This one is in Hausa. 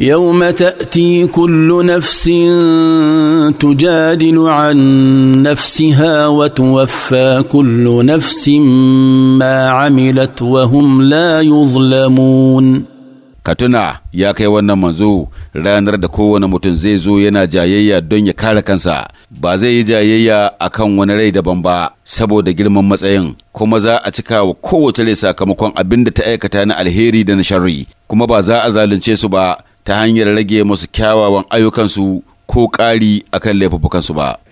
يوم تاتي كل نفس تجادل عن نفسها وتوفى كل نفس ما عملت وهم لا يظلمون katuna ya kai wannan manzo ranar da kowane mutum zai zo yana jayayya don ya kare kansa ba zai yi jayayya a kan wani rai daban ba saboda girman matsayin kuma za a cika wa kowace rai sakamakon abin da ta aikata na alheri da na sharri kuma ba za a zalunce su ba ta hanyar rage musu kyawawan ayyukansu ko ƙari akan laifuffukansu ba